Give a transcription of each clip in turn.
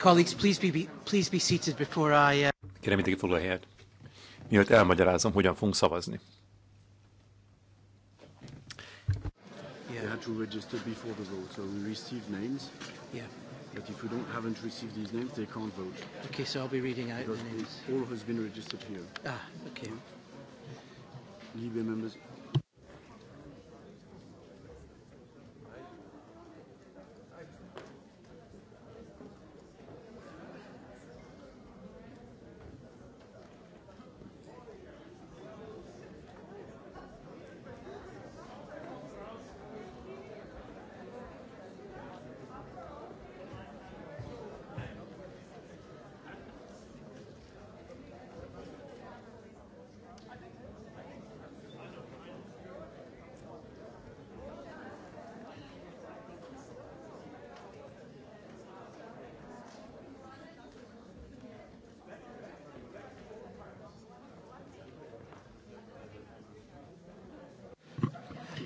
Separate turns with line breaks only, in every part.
Colleagues, please be, please be seated before I... Uh... Kérem,
mindenki foglalja helyet. Mielőtt elmagyarázom, hogyan fogunk szavazni.
Yeah. We had to register before the vote, so we received names. Yeah. But if we don't haven't received these names, they can't vote. Okay, so I'll be reading out Because the names. All has been registered here. Ah, okay. members,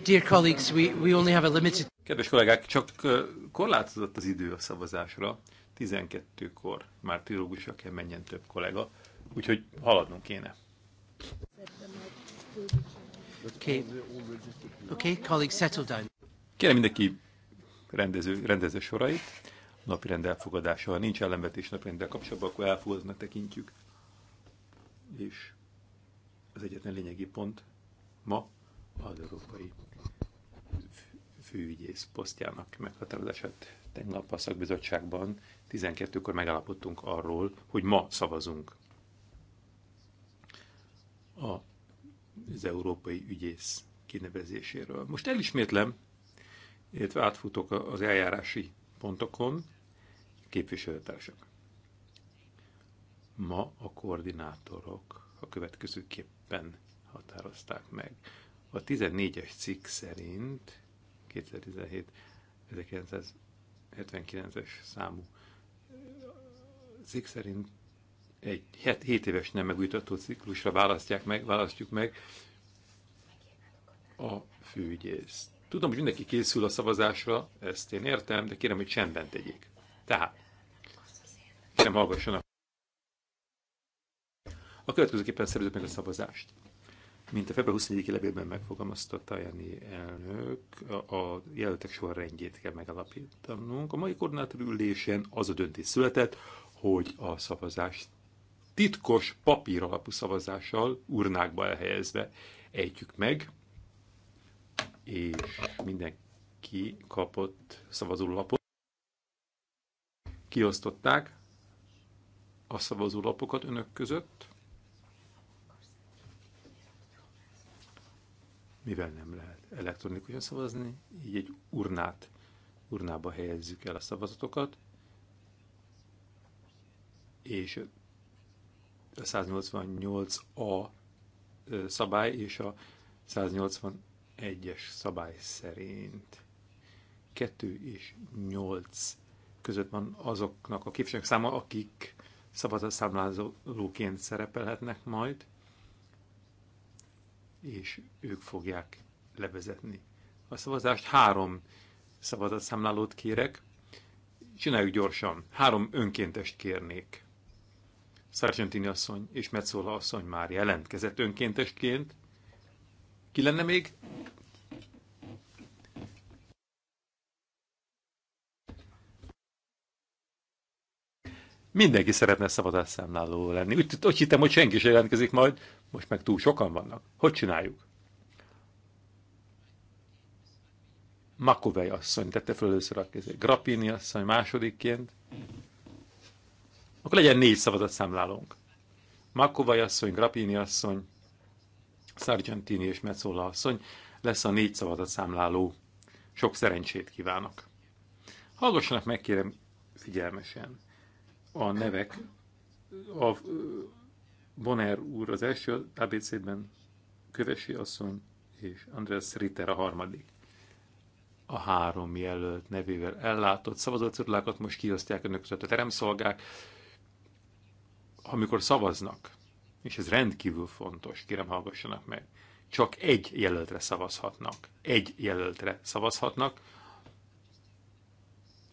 Dear colleagues, we,
we only have a limited... Kedves kollégák, csak korlátozott az idő a szavazásra. 12-kor már trilógusra kell menjen több kollega, úgyhogy haladnunk kéne.
Okay. Okay, colleagues, settle down.
Kérem mindenki rendező, rendező sorait. Napi rend elfogadása, ha nincs ellenvetés napi rendel kapcsolatban, akkor elfogadnak tekintjük. És az egyetlen lényegi pont ma az európai főügyész posztjának meghatározását tegnap a szakbizottságban 12-kor megállapodtunk arról, hogy ma szavazunk a, az európai ügyész kinevezéséről. Most elismétlem, illetve átfutok az eljárási pontokon, képviselőtársak. Ma a koordinátorok a következőképpen határozták meg. A 14-es cikk szerint 2017 1979-es számú cikk szerint egy 7 éves nem megújtató ciklusra választják meg, választjuk meg a főügyészt. Tudom, hogy mindenki készül a szavazásra, ezt én értem, de kérem, hogy csendben tegyék. Tehát, kérem, hallgassanak. A következőképpen szervezünk meg a szavazást. Mint a február 24-i levélben megfogalmazta Tajani elnök, a jelöltek sorrendjét kell megalapítanunk. A mai koordinátor ülésen az a döntés született, hogy a szavazást titkos papír alapú szavazással urnákba elhelyezve ejtjük meg, és mindenki kapott szavazólapot. Kiosztották a szavazólapokat önök között. mivel nem lehet elektronikusan szavazni, így egy urnát, urnába helyezzük el a szavazatokat, és a 188A szabály és a 181-es szabály szerint 2 és 8 között van azoknak a képviselők száma, akik szavazatszámlázóként szerepelhetnek majd, és ők fogják levezetni. A szavazást három szavazatszámlálót kérek, csináljuk gyorsan. Három önkéntest kérnék. Sargentini asszony és Metzola asszony már jelentkezett önkéntesként. Ki lenne még? Mindenki szeretne szabadászámláló lenni. Úgy, úgy hittem, hogy senki sem jelentkezik majd, most meg túl sokan vannak. Hogy csináljuk? Makovej asszony tette föl először a kezét. Grappini asszony másodikként. Akkor legyen négy szavazatszámlálónk. Makovej asszony, Grappini asszony, Sargentini és Metzola asszony lesz a négy szavazatszámláló. Sok szerencsét kívánok. Hallgassanak meg, kérem, figyelmesen a nevek. A Bonner úr az első, ABC-ben Kövesi asszony és András Ritter a harmadik. A három jelölt nevével ellátott szavazatcirkulákat most kiosztják önök között a teremszolgák. Amikor szavaznak, és ez rendkívül fontos, kérem hallgassanak meg, csak egy jelöltre szavazhatnak. Egy jelöltre szavazhatnak,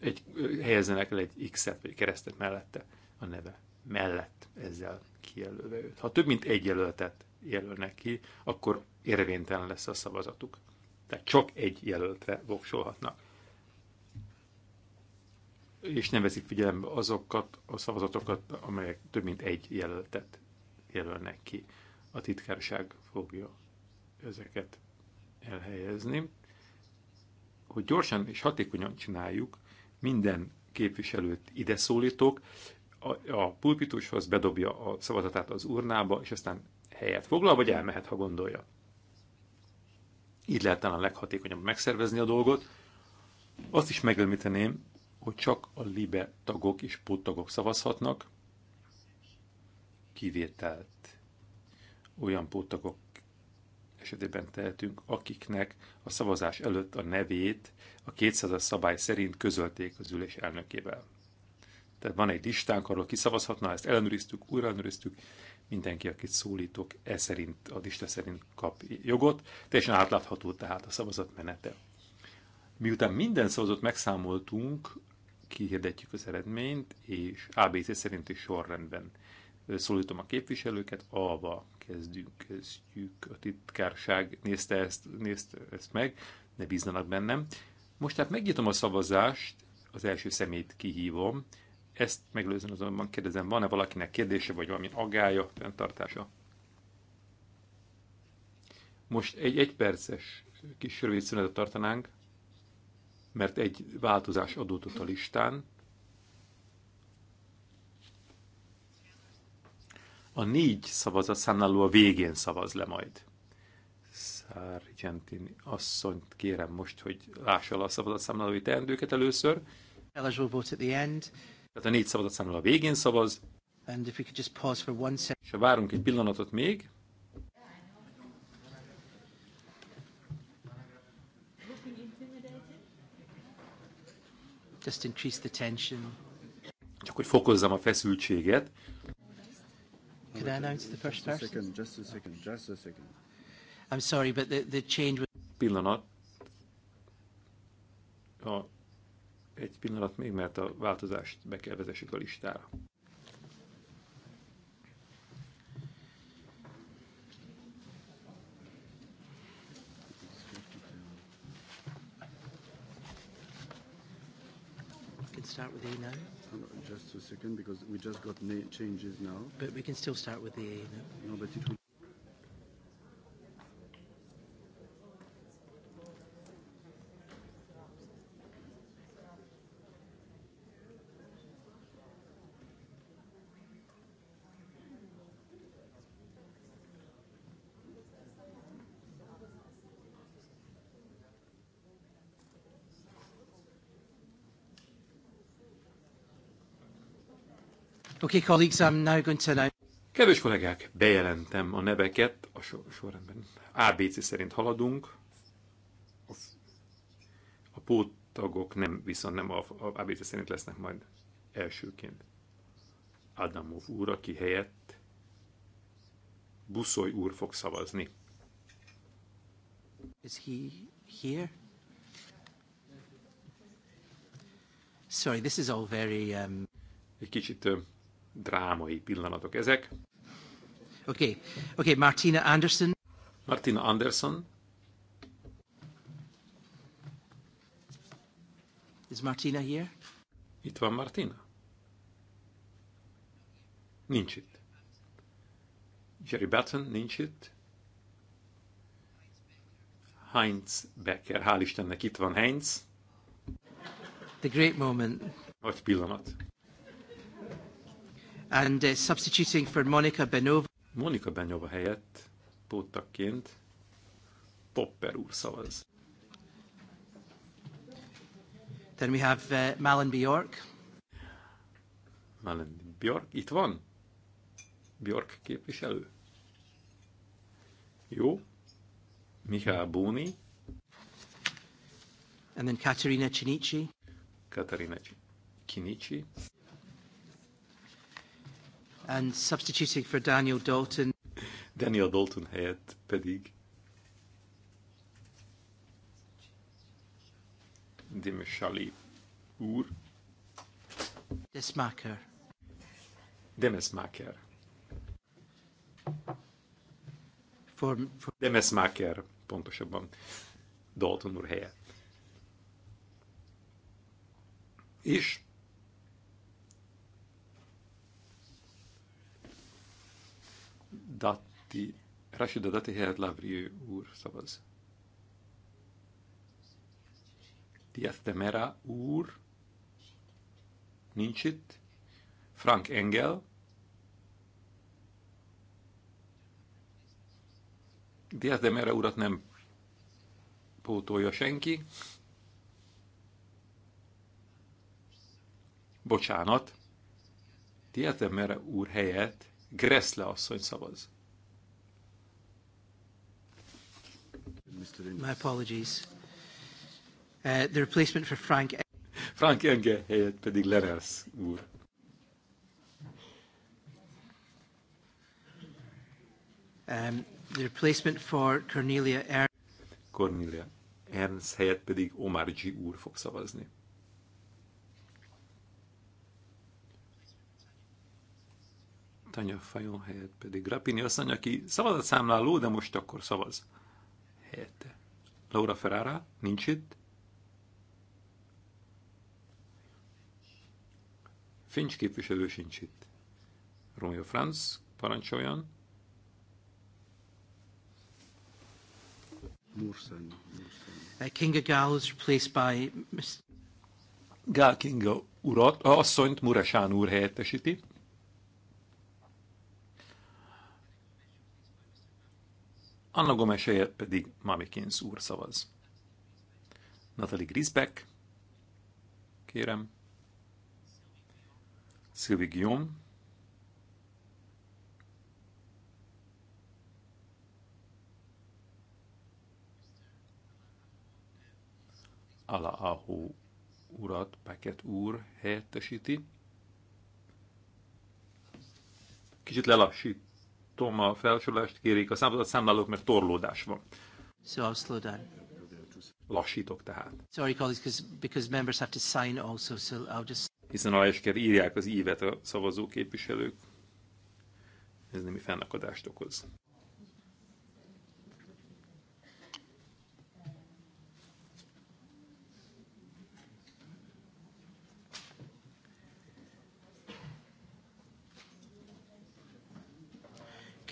egy, helyezzenek el egy X-et vagy keresztet mellette, a neve mellett ezzel kijelölve őt. Ha több mint egy jelöltet jelölnek ki, akkor érvénytelen lesz a szavazatuk. Tehát csak egy jelöltre voksolhatnak. És nem veszik figyelembe azokat a szavazatokat, amelyek több mint egy jelöltet jelölnek ki. A titkárság fogja ezeket elhelyezni. Hogy gyorsan és hatékonyan csináljuk, minden képviselőt ide szólítok, a, a pulpitushoz bedobja a szavazatát az urnába, és aztán helyet foglal, vagy elmehet, ha gondolja. Így lehet talán leghatékonyabb megszervezni a dolgot. Azt is megemlíteném, hogy csak a libe tagok és puttagok szavazhatnak, kivételt olyan puttagok esetében tehetünk, akiknek a szavazás előtt a nevét a 200 szabály szerint közölték az ülés elnökével. Tehát van egy listánk, arról kiszavazhatna, ezt ellenőriztük, újra ellenőriztük, mindenki, akit szólítok, e szerint, a lista szerint kap jogot, teljesen átlátható tehát a szavazat menete. Miután minden szavazót megszámoltunk, kihirdetjük az eredményt, és ABC szerinti sorrendben szólítom a képviselőket, alva kezdjük, kezdjük. A titkárság nézte ezt, nézte ezt meg, ne bíznanak bennem. Most hát megnyitom a szavazást, az első szemét kihívom. Ezt meglőzően azonban kérdezem, van-e valakinek kérdése, vagy valami agája, fenntartása? Most egy egyperces kis rövid szünetet tartanánk, mert egy változás adódott a listán. A négy szavazat számláló a végén szavaz le majd. Sargentini asszonyt kérem most, hogy lássa a a szavazatszámlálói teendőket először. Eligible vote at the end. Tehát a négy szavazatszámláló a végén szavaz. And if we could just pause for one second. És ha várunk egy pillanatot még, Just increase the
tension.
Csak hogy fokozzam a feszültséget.
Could I announce the first person? Just a Second, just a second, just a second.
I'm sorry, but the, the change was... Pillanat. A, egy pillanat még, mert a változást be kell vezessük a listára.
start with you e now. Just a second, because we just got changes now. But we can still start with the A. No, no but it will
Kedves kollégák, bejelentem a neveket a sor sorrendben. ABC szerint haladunk. A, a póttagok nem, viszont nem a, a ABC szerint lesznek majd elsőként. Adamov úr, aki helyett Buszoly úr fog szavazni. Is he here? Sorry, this is all very... Um... Egy kicsit uh, drámai pillanatok ezek. Oké, okay. okay, Martina Anderson. Martina Anderson.
Is Martina here?
Itt van Martina? Nincs itt. Jerry Batten nincs itt. Heinz Becker, hál' Istennek itt van Heinz.
The great moment.
Nagy pillanat and uh, substituting for Monica Benova. Monika Benova helyett póttakként Popper úr szavaz. Then we have uh, Malin Bjork. Malin Bjork, itt van? Bjork képviselő. Jó. Mihály Bóni. And then Katerina Cinici. Katerina Cinici
and substituting for Daniel
Dalton. Daniel Dalton helyett pedig Demeshali
úr.
Desmaker.
Demesmaker. For, for... Demesmaker, pontosabban. Dalton úr helyett. És Dati, Rashida Dati helyett Lavrie úr szavaz. Diaz de Mera úr nincs itt. Frank Engel. Diaz de Mera urat nem pótolja senki. Bocsánat. Diaz de Mera úr helyett Gressle asszony szavaz. My apologies.
Uh, the replacement for Frank... E-
Frank Enge helyett pedig Lerels úr. Um,
the replacement for Cornelia Ernst...
Cornelia Ernst helyett pedig Omar G. úr fog szavazni. Tanya Fajon helyett pedig Grappini asszony, aki számláló, de most akkor szavaz helyette. Laura Ferrara nincs itt. Fincs képviselő sincs itt. Romeo Franz parancsoljon.
Uh, Kinga Gál is replaced by
Gál Kinga urat, asszonyt Muresán úr helyettesíti. Anna Gomes pedig Mamikins úr szavaz. Natalie Grisbeck, kérem. Sylvie Guillaume. Ala Ahu urat Paket úr helyettesíti. Kicsit lelassít tartom, a felsorolást kérik a számlálok, mert torlódás van. So I'll slow down. Lassítok tehát.
Sorry, colleagues, because, members have to sign also, so I'll just...
Hiszen alá is kell írják az ívet a szavazóképviselők. Ez némi fennakadást okoz.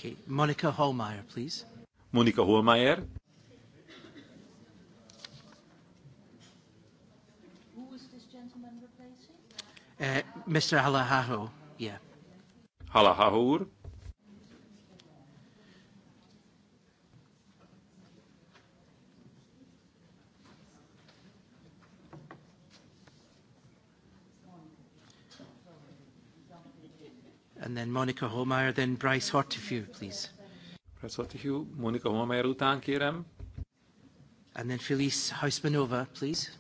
Okay. Monica Holmeyer, please.
Monika Holmeyer.
Who is this gentleman replacing?
Uh, Mr. Halahaho,
yeah. Halahaho
and then Monica Holmeyer, then Bryce Hortefeux,
please. Bryce Hortefeux, Monica Holmeyer után kérem. And then Felice Hausmanova, please.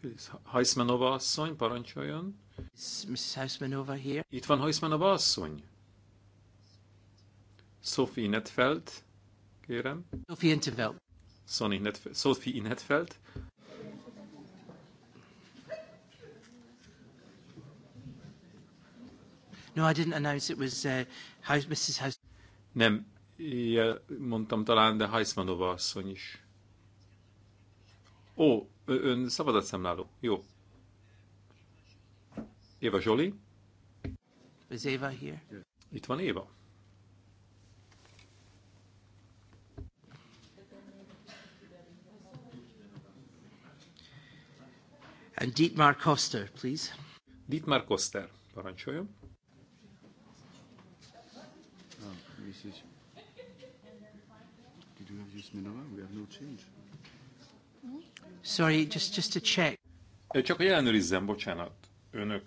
Felice Hausmanova asszony, parancsoljon. Is Mrs. Hausmanova here? Itt van Hausmanova asszony. Sophie Netfeld, kérem. Sophie Netfeld. Sophie Netfeld.
No, I didn't announce it was uh, House,
Mrs. House. Nem, mondtam talán, de Heismanova asszony is. Ó, ön szabadat szemláló. Jó. Éva Zsoli.
Is Eva here?
Itt van Éva. And Dietmar Koster, please. Dietmar Koster, parancsoljon. Did you have We have no change. Sorry, just, just to check. Csak hogy ellenőrizzem, bocsánat. Önök...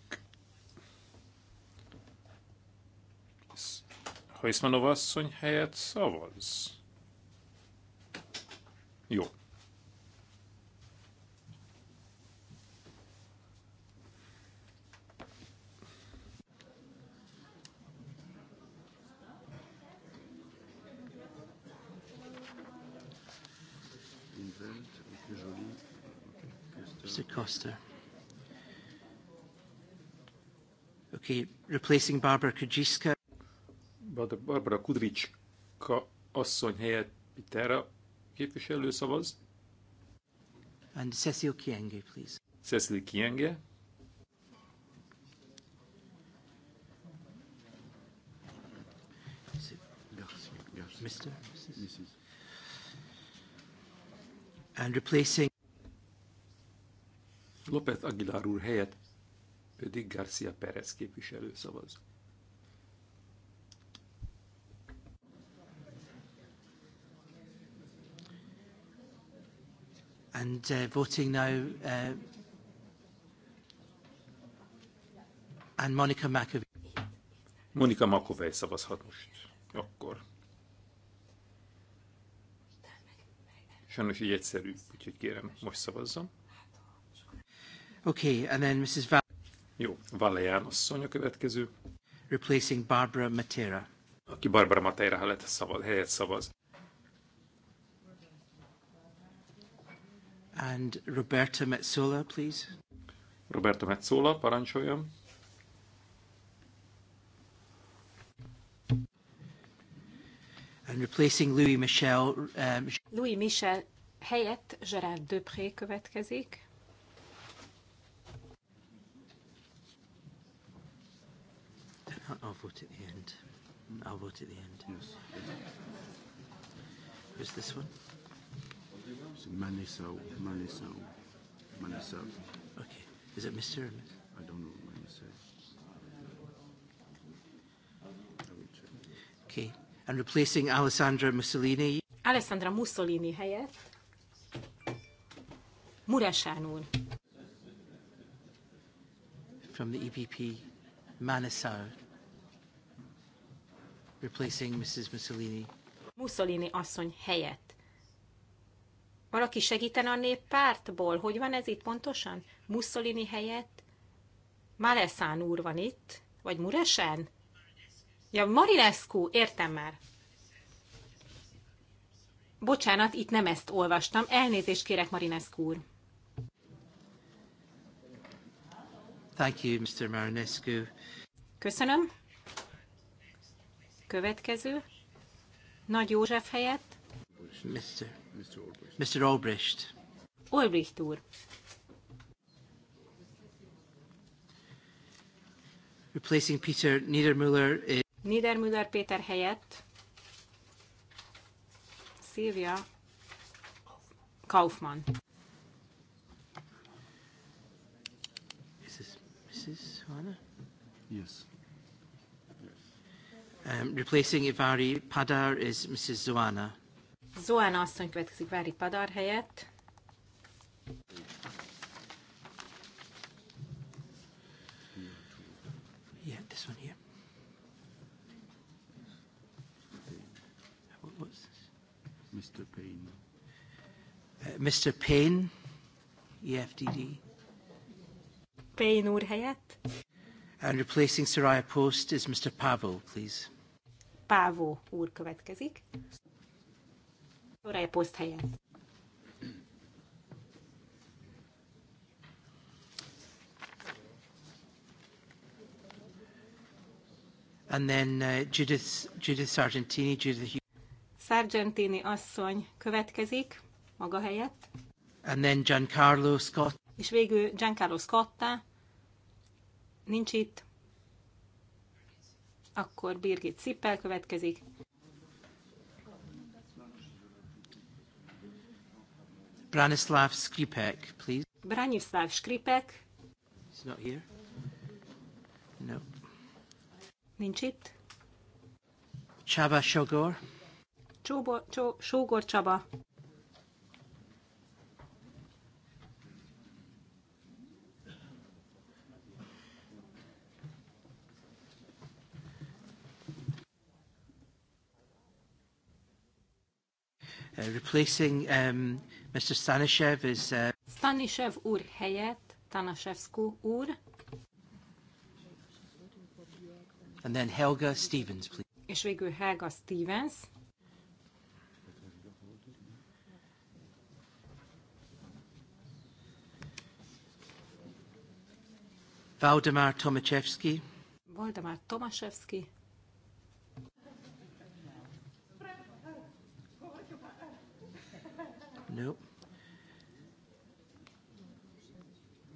Hajszmanova asszony helyett szavaz. Jó.
Foster. Okay, replacing Barbara Kudryska.
Barbara Kudrycska asszony helyett erre képviselő szavaz.
And Cecil Kienge, please.
Cecil Kienge.
Mr. Mrs. And replacing
López Aguilar úr helyett pedig Garcia Pérez képviselő szavaz.
And uh, voting now, uh, and Monica McAvey.
Monika Makovej szavazhat most. Akkor. Sajnos így egyszerű, úgyhogy kérem, most szavazzam.
Okay, and then Mrs. Val Jó, asszony a következő. Replacing Barbara Matera.
Aki Barbara Matera helyett szavaz. Helyett szavaz.
And Roberta Metzola, please. Roberta Metzola, parancsoljon. And replacing Louis Michel. Um...
Louis Michel helyett Gerard Dupré következik.
I'll vote at the end. I'll vote at the end. Yes. Who's this one? Manisau. Manisau. Manisau. Okay. Is it Mr. or Miss?
I don't know what Maniso.
Okay. And replacing Alessandra Mussolini.
Alessandra Mussolini helyett Muresán úr.
From the EPP, Manisau replacing Mrs. Mussolini.
Mussolini asszony helyett. Valaki segítene a néppártból? Hogy van ez itt pontosan? Mussolini helyett? Maleszán úr van itt? Vagy Muresen? Ja, Marinescu, értem már. Bocsánat, itt nem ezt olvastam. Elnézést kérek, Marinescu úr.
Thank you, Mr. Marinescu.
Köszönöm. Következő. Nagy József helyett.
Mr. Mr.
Olbricht úr.
Replacing Peter Niedermüller.
Niedermüller Péter helyett. Szilvia Kaufmann. Is this Mrs. Hanna?
Yes. Um, replacing Ivari Padar is Mrs. Zoana.
Zoana asszony következik Ivari Padar helyett.
Yeah, this one here.
What, was this?
Mr. Payne.
Uh, Mr. Payne, EFDD.
Payne úr helyett.
And replacing Soraya Post is Mr. Pavel, please.
Pávó úr következik. Soraya Post helyett.
And then uh, Judith, Judith Sargentini, Judith...
Sargentini asszony következik, maga helyett.
And then Giancarlo Scott.
És végül Giancarlo Scotta, Nincs itt. Akkor Birgit Szippel következik.
Branislav Skripek, please.
Branislav Skripek.
He's not here. No. Nincs itt. Csaba Sogor.
Csóbor, Csó, Sógor Csaba.
replacing um, Mr. Stanishev is... Uh...
Stanishev úr helyett Tanashevsku úr.
And then Helga Stevens, please.
És végül Helga Stevens.
Valdemar Tomaszewski.
Valdemar Tomaszewski.
No.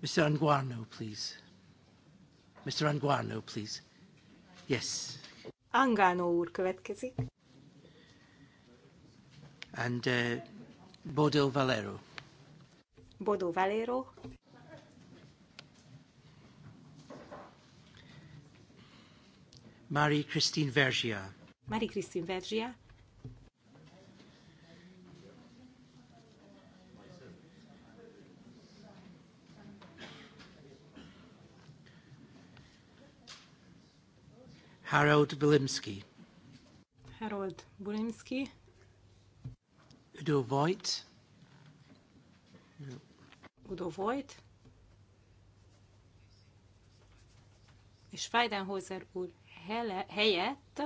Mr. Anguano, please. Mr. Anguano, please. Yes.
Angano úr következik.
And uh, Bodo Valero.
Bodo Valero.
Marie-Christine Vergia.
Marie-Christine Vergia.
Harold Bulimski.
Harold Bulimski.
Udo Voigt. No.
Udo Voigt. És Weidenhozer úr hele, helyett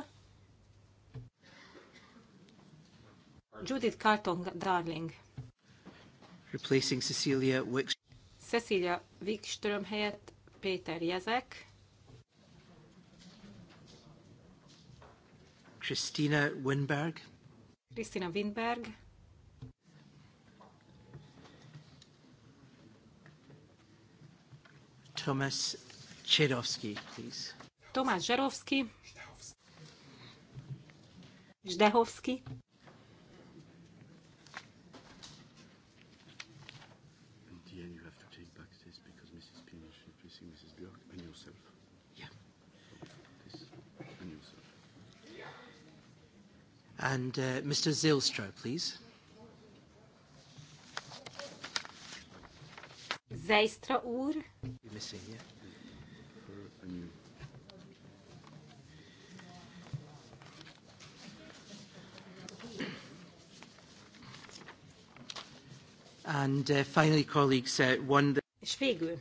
Judith Carton Darling.
Replacing Cecilia Wikström.
Cecilia Wikström helyett Péter Jezek.
Christina Winberg.
Christina Winberg.
Thomas Czerovsky, please.
Thomas Zserowski. Zdehovski.
uh, Mr. Zilstra, please.
Zeistra úr.
And uh, finally, colleagues, uh, one. That...
És végül.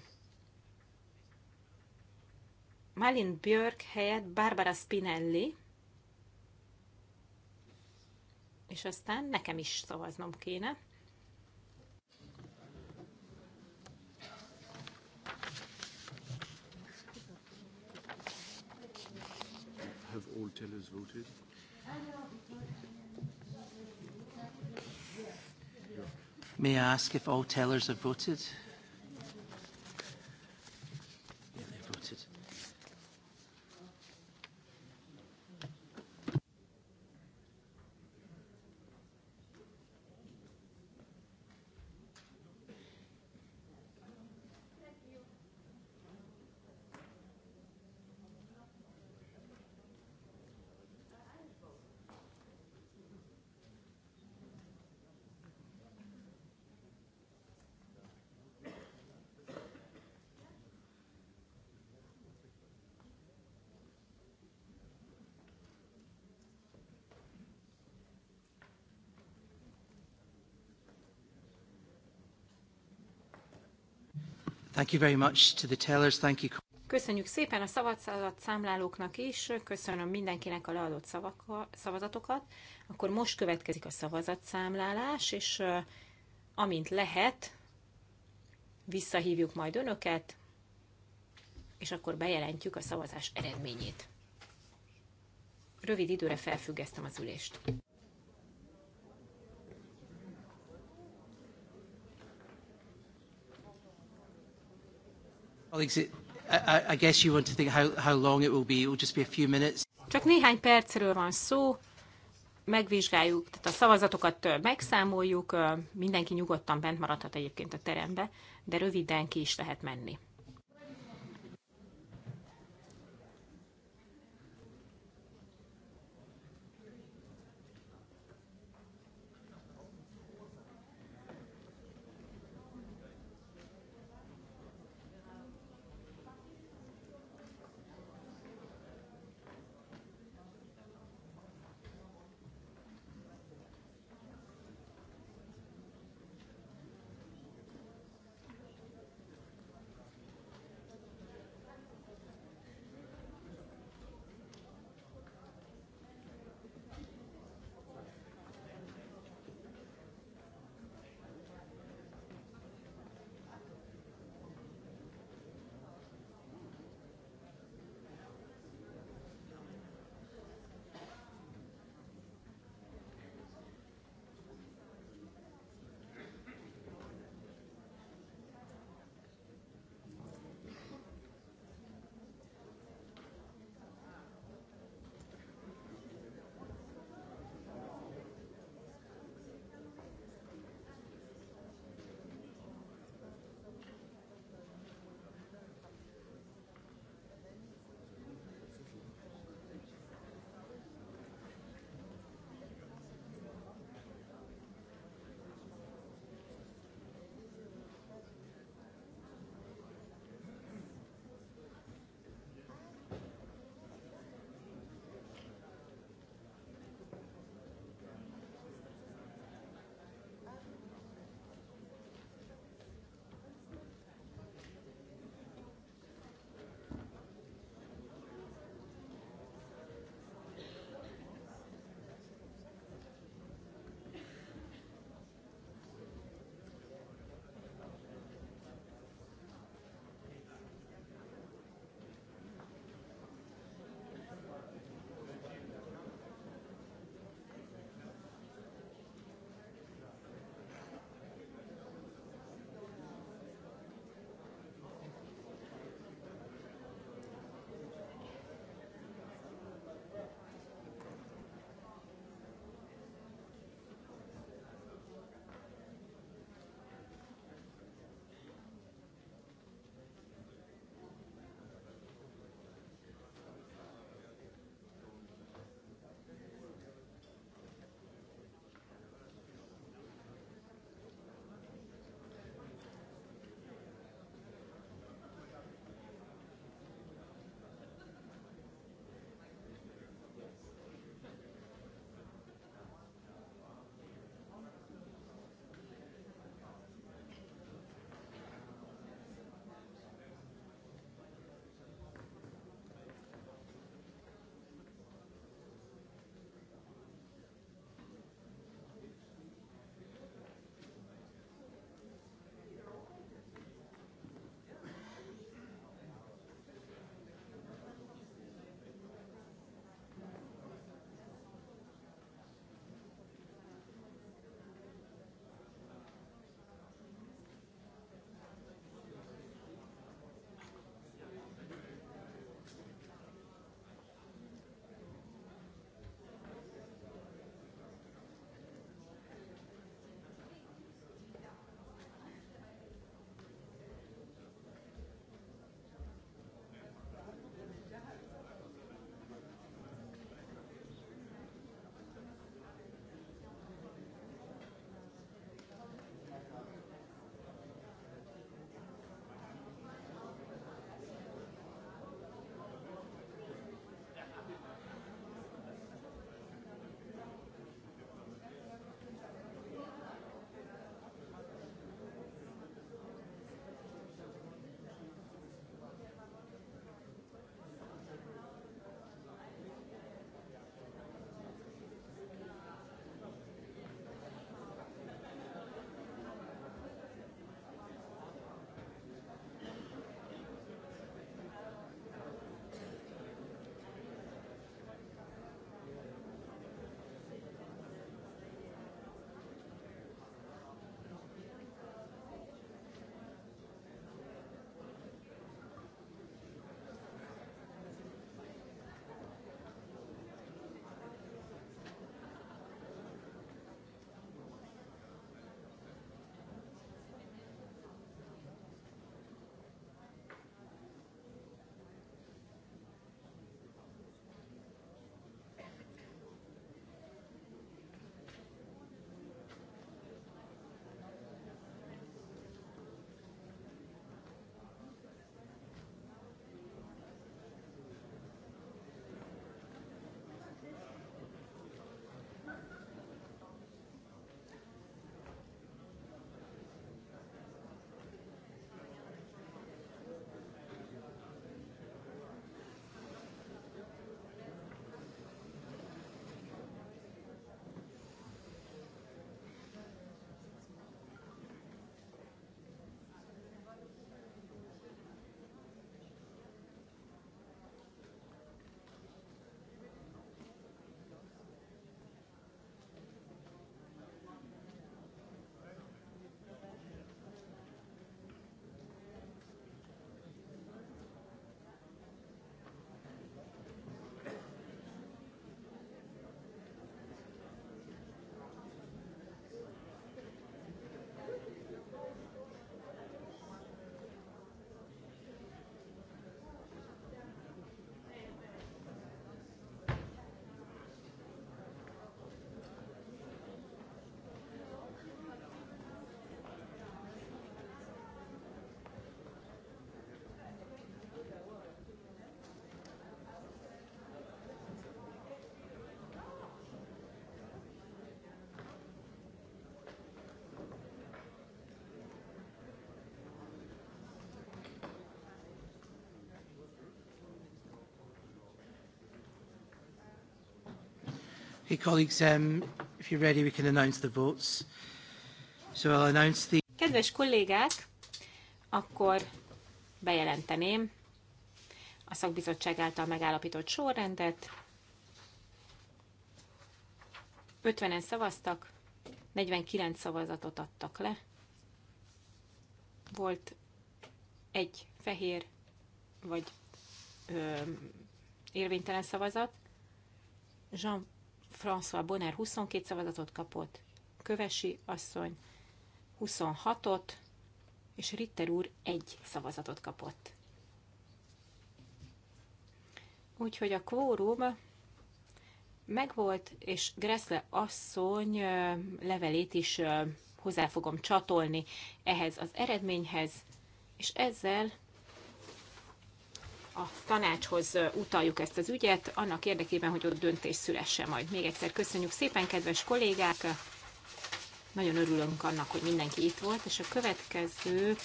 Malin Björk helyett Barbara Spinelli és aztán nekem is szavaznom kéne.
Have all tellers voted?
May I ask if all tellers have voted? Thank you very much to the tellers. Thank you.
Köszönjük szépen a szavazat számlálóknak is, köszönöm mindenkinek a leadott szavazatokat. Akkor most következik a szavazatszámlálás, és amint lehet, visszahívjuk majd önöket, és akkor bejelentjük a szavazás eredményét. Rövid időre felfüggesztem az ülést. Csak néhány percről van szó, megvizsgáljuk, tehát a szavazatokat megszámoljuk, mindenki nyugodtan bent maradhat egyébként a terembe, de röviden ki is lehet menni.
Okay, colleagues, um, if you're ready, we can announce the votes. So I'll announce the...
Kedves kollégák, akkor bejelenteném a szakbizottság által megállapított sorrendet. 50-en szavaztak, 49 szavazatot adtak le. Volt egy fehér vagy ö, érvénytelen szavazat. Jean François Bonner 22 szavazatot kapott, Kövesi asszony 26-ot, és Ritter úr egy szavazatot kapott. Úgyhogy a kvórum megvolt, és Gressle asszony levelét is hozzá fogom csatolni ehhez az eredményhez, és ezzel a tanácshoz utaljuk ezt az ügyet, annak érdekében, hogy ott döntés szülesse majd. Még egyszer köszönjük szépen, kedves kollégák! Nagyon örülünk annak, hogy mindenki itt volt, és a következő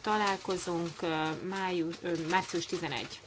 találkozunk május, március 11.